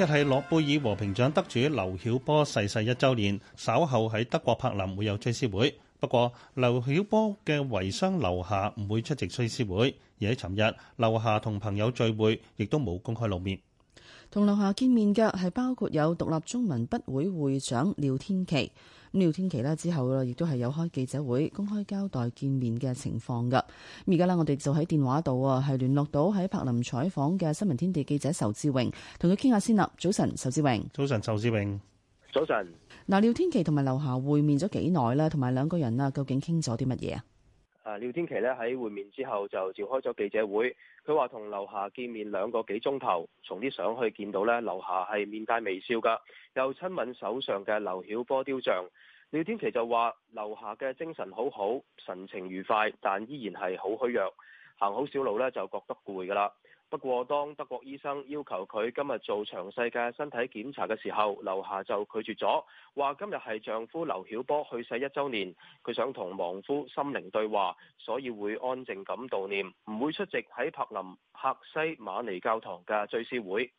今日係諾貝爾和平獎得主劉曉波逝世一周年，稍後喺德國柏林會有追思會。不過劉曉波嘅遺孀劉霞唔會出席追思會，而喺尋日劉霞同朋友聚會，亦都冇公開露面。同劉霞見面嘅係包括有獨立中文筆會會長廖天琪，廖天琪呢之後呢亦都係有開記者會公開交代見面嘅情況噶。而家呢，我哋就喺電話度啊，係聯絡到喺柏林採訪嘅新聞天地記者仇志榮，同佢傾下先啦。早晨，仇志榮。早晨，仇志榮。早晨。早晨。嗱，廖天琪同埋劉霞會面咗幾耐咧？同埋兩個人啊，究竟傾咗啲乜嘢啊？廖天琪咧喺會面之後就召開咗記者會，佢話同劉霞見面兩個幾鐘頭，從啲相去見到咧，劉霞係面帶微笑㗎，又親吻手上嘅劉曉波雕像。廖天琪就話劉霞嘅精神好好，神情愉快，但依然係好虛弱，行好少路呢，就覺得攰㗎啦。不過，當德國醫生要求佢今日做詳細嘅身體檢查嘅時候，劉霞就拒絕咗，話今日係丈夫劉曉波去世一週年，佢想同亡夫心靈對話，所以會安靜咁悼念，唔會出席喺柏林客西馬尼教堂嘅追思會。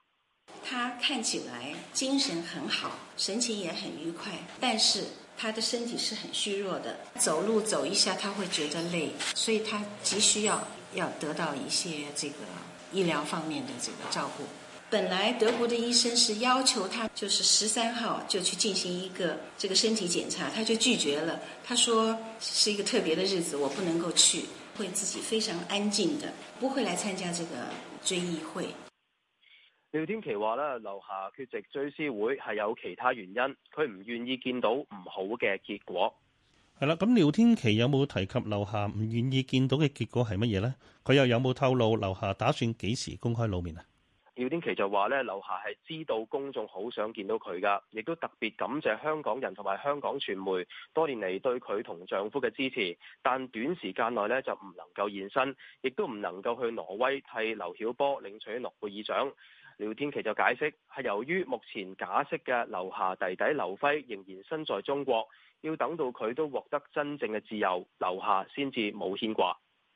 他看起來精神很好，神情也很愉快，但是他的身體是很虛弱的，走路走一下，他會覺得累，所以他急需要，要得到一些這個醫療方面的這個照顧。本來德國的醫生是要求他，就是十三號就去進行一個這個身體檢查，他就拒絕了。他說是一個特別的日子，我不能夠去，會自己非常安靜的，不會來參加這個追憶會。廖天琪話呢，劉霞缺席追思會係有其他原因，佢唔願意見到唔好嘅結果。係啦，咁廖天琪有冇提及劉霞唔願意見到嘅結果係乜嘢咧？佢又有冇透露劉霞打算幾時公開露面啊？廖天琪就話咧，劉霞係知道公眾好想見到佢噶，亦都特別感謝香港人同埋香港傳媒多年嚟對佢同丈夫嘅支持，但短時間內呢，就唔能夠現身，亦都唔能夠去挪威替劉曉波領取諾貝爾獎。廖天琪就解釋，係由於目前假釋嘅劉霞弟弟劉輝仍然身在中國，要等到佢都獲得真正嘅自由，劉霞先至冇牽掛。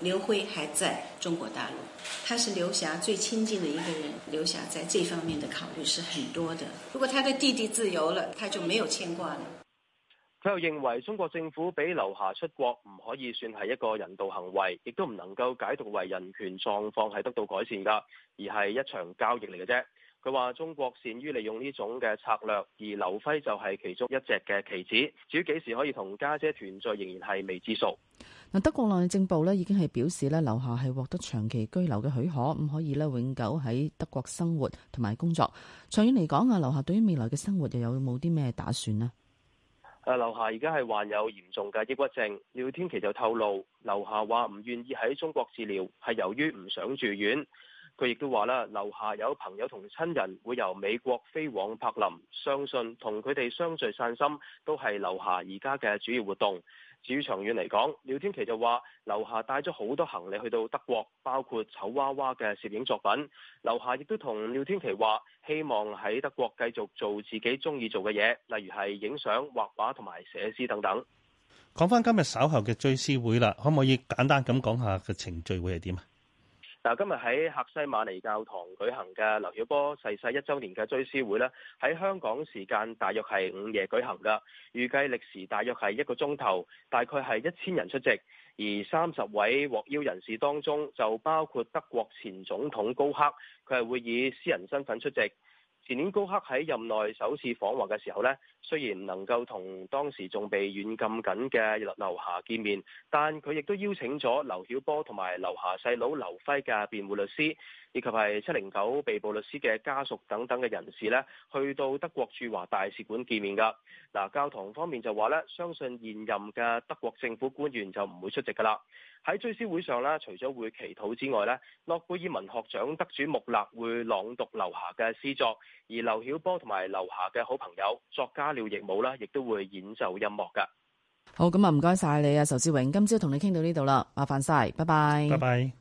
劉輝還在中國大陸，他是劉霞最親近的一個人。劉霞在這方面的考慮是很多的。如果他的弟弟自由了，他就沒有牽掛了。佢又認為，中國政府俾劉霞出國，唔可以算係一個人道行為，亦都唔能夠解讀為人權狀況係得到改善噶，而係一場交易嚟嘅啫。佢話中國善於利用呢種嘅策略，而劉輝就係其中一隻嘅棋子。至於幾時可以同家姐，姐團聚，仍然係未知數。嗱，德國內政部咧已經係表示咧，劉霞係獲得長期居留嘅許可，唔可以咧永久喺德國生活同埋工作。長遠嚟講啊，劉霞對於未來嘅生活又有冇啲咩打算咧？誒，劉霞而家係患有嚴重嘅抑鬱症，廖天琪就透露，劉霞話唔願意喺中國治療，係由於唔想住院。佢亦都話啦，劉霞有朋友同親人會由美國飛往柏林，相信同佢哋相聚散心都係劉霞而家嘅主要活動。至於長遠嚟講，廖天琪就話劉霞帶咗好多行李去到德國，包括醜娃娃嘅攝影作品。劉霞亦都同廖天琪話，希望喺德國繼續做自己中意做嘅嘢，例如係影相、畫畫同埋寫詩等等。講返今日稍後嘅追思會啦，可唔可以簡單咁講下個程序會係點啊？嗱，今日喺赫西馬尼教堂舉行嘅劉曉波逝世一週年嘅追思會咧，喺香港時間大約係午夜舉行噶，預計歷時大約係一個鐘頭，大概係一千人出席，而三十位獲邀人士當中就包括德國前總統高克，佢係會以私人身份出席。前年高克喺任內首次訪華嘅時候呢，雖然能夠同當時仲被軟禁緊嘅劉霞見面，但佢亦都邀請咗劉曉波同埋劉霞細佬劉輝嘅辯護律師，以及係七零九被捕律師嘅家屬等等嘅人士呢，去到德國駐華大使館見面㗎。嗱，教堂方面就話呢，相信現任嘅德國政府官員就唔會出席㗎啦。喺追思會上呢，除咗會祈禱之外呢，諾貝爾文學獎得主穆勒會朗讀劉霞嘅詩作。而劉曉波同埋劉霞嘅好朋友作家廖亦武啦，亦都會演奏音樂㗎。好，咁啊，唔該晒你啊，仇志榮，今朝同你傾到呢度啦，麻煩晒，拜拜。拜拜。拜拜。